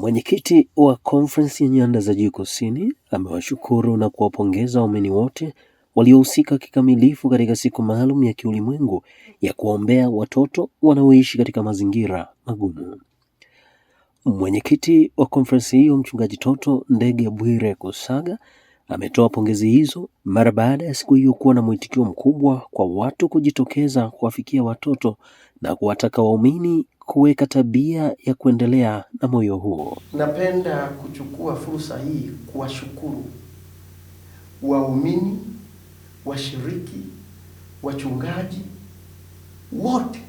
Mwenyekiti wa konferensi ya nyanda za juu kusini amewashukuru na kuwapongeza waumini wote waliohusika kikamilifu katika siku maalum ya kiulimwengu ya kuwaombea watoto wanaoishi katika mazingira magumu. Mwenyekiti wa konferensi hiyo Mchungaji Toto Ndege Bwire Kusaga ametoa pongezi hizo mara baada ya siku hiyo kuwa na mwitikio mkubwa kwa watu kujitokeza kuwafikia watoto na kuwataka waumini kuweka tabia ya kuendelea na moyo huo. Napenda kuchukua fursa hii kuwashukuru waumini, washiriki, wachungaji wote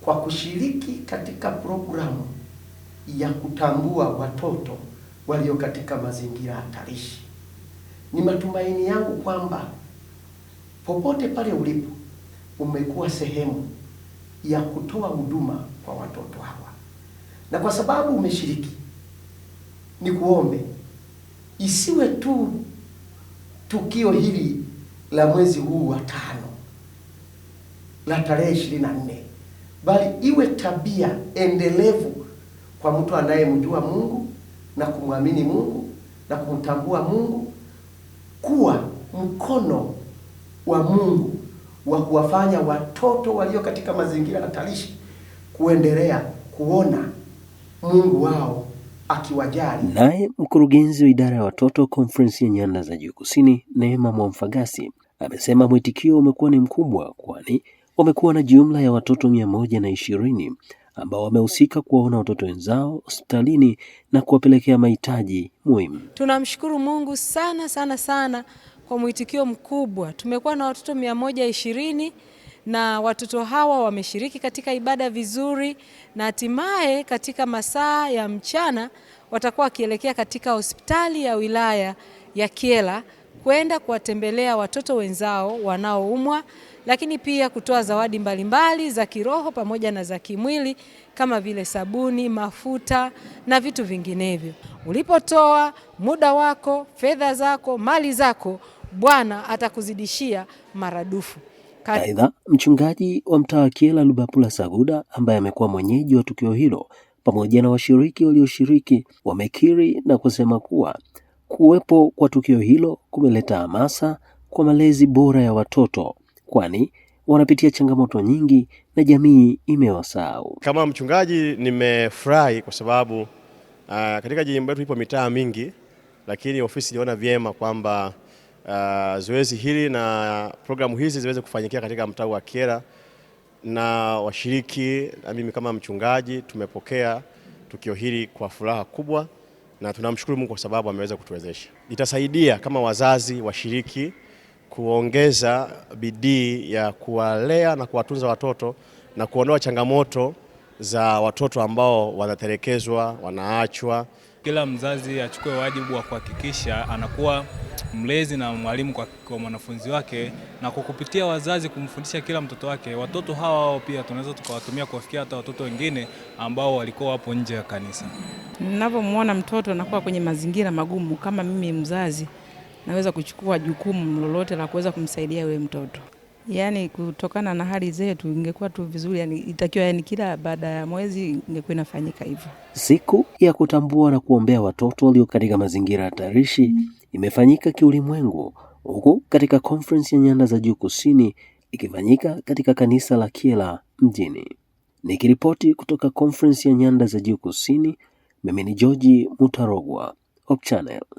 kwa kushiriki katika programu ya kutambua watoto walio katika mazingira hatarishi. Ni matumaini yangu kwamba popote pale ulipo umekuwa sehemu ya kutoa huduma kwa watoto hawa, na kwa sababu umeshiriki, ni kuombe isiwe tu tukio hili la mwezi huu wa tano la tarehe ishirini na nne bali iwe tabia endelevu kwa mtu anayemjua Mungu na kumwamini Mungu na kumtambua Mungu kuwa mkono wa Mungu wa kuwafanya watoto walio katika mazingira hatarishi kuendelea kuona Mungu wao akiwajali. Naye mkurugenzi wa idara ya watoto konferensi ya Nyanda za Juu Kusini, Neema Mwamfagasi, amesema mwitikio umekuwa ni mkubwa, kwani wamekuwa na jumla ya watoto mia moja na ishirini ambao wamehusika kuwaona watoto wenzao hospitalini na kuwapelekea mahitaji muhimu. Tunamshukuru Mungu sana sana sana kwa mwitikio mkubwa. Tumekuwa na watoto mia moja ishirini na watoto hawa wameshiriki katika ibada vizuri, na hatimaye katika masaa ya mchana watakuwa wakielekea katika hospitali ya wilaya ya Kyela kwenda kuwatembelea watoto wenzao wanaoumwa, lakini pia kutoa zawadi mbalimbali za kiroho pamoja na za kimwili kama vile sabuni, mafuta na vitu vinginevyo. Ulipotoa muda wako, fedha zako, mali zako Bwana atakuzidishia maradufu. Aidha, mchungaji wa mtaa wa Kyela Lubapula Saguda ambaye amekuwa mwenyeji wa tukio hilo pamoja na washiriki walioshiriki wamekiri na kusema kuwa kuwepo kwa tukio hilo kumeleta hamasa kwa malezi bora ya watoto, kwani wanapitia changamoto nyingi na jamii imewasahau. Kama mchungaji, nimefurahi kwa sababu uh, katika jimbo letu ipo mitaa mingi, lakini ofisi iliona vyema kwamba uh, zoezi hili na programu hizi ziweze kufanyikia katika mtaa wa Kyela, na washiriki na mimi kama mchungaji tumepokea tukio hili kwa furaha kubwa na tunamshukuru Mungu kwa sababu ameweza kutuwezesha. Itasaidia kama wazazi washiriki kuongeza bidii ya kuwalea na kuwatunza watoto na kuondoa changamoto za watoto ambao wanatelekezwa, wanaachwa kila mzazi achukue wajibu wa kuhakikisha anakuwa mlezi na mwalimu kwa, kwa mwanafunzi wake na kwa kupitia wazazi kumfundisha kila mtoto wake. Watoto hawa wao pia tunaweza tukawatumia kuwafikia hata watoto wengine ambao walikuwa wapo nje ya kanisa. Ninapomwona mtoto anakuwa kwenye mazingira magumu, kama mimi mzazi naweza kuchukua jukumu lolote la kuweza kumsaidia yule mtoto. Yani kutokana na hali zetu ingekuwa tu vizuri, yani itakiwa, yani kila baada ya mwezi ingekuwa inafanyika hivyo. Siku ya kutambua na kuombea watoto walio katika mazingira hatarishi mm, imefanyika kiulimwengu, huku katika conference ya nyanda za juu kusini ikifanyika katika kanisa la Kiela mjini. Nikiripoti kutoka conference ya nyanda za juu kusini, mimi ni George Mutarogwa, Hope Channel.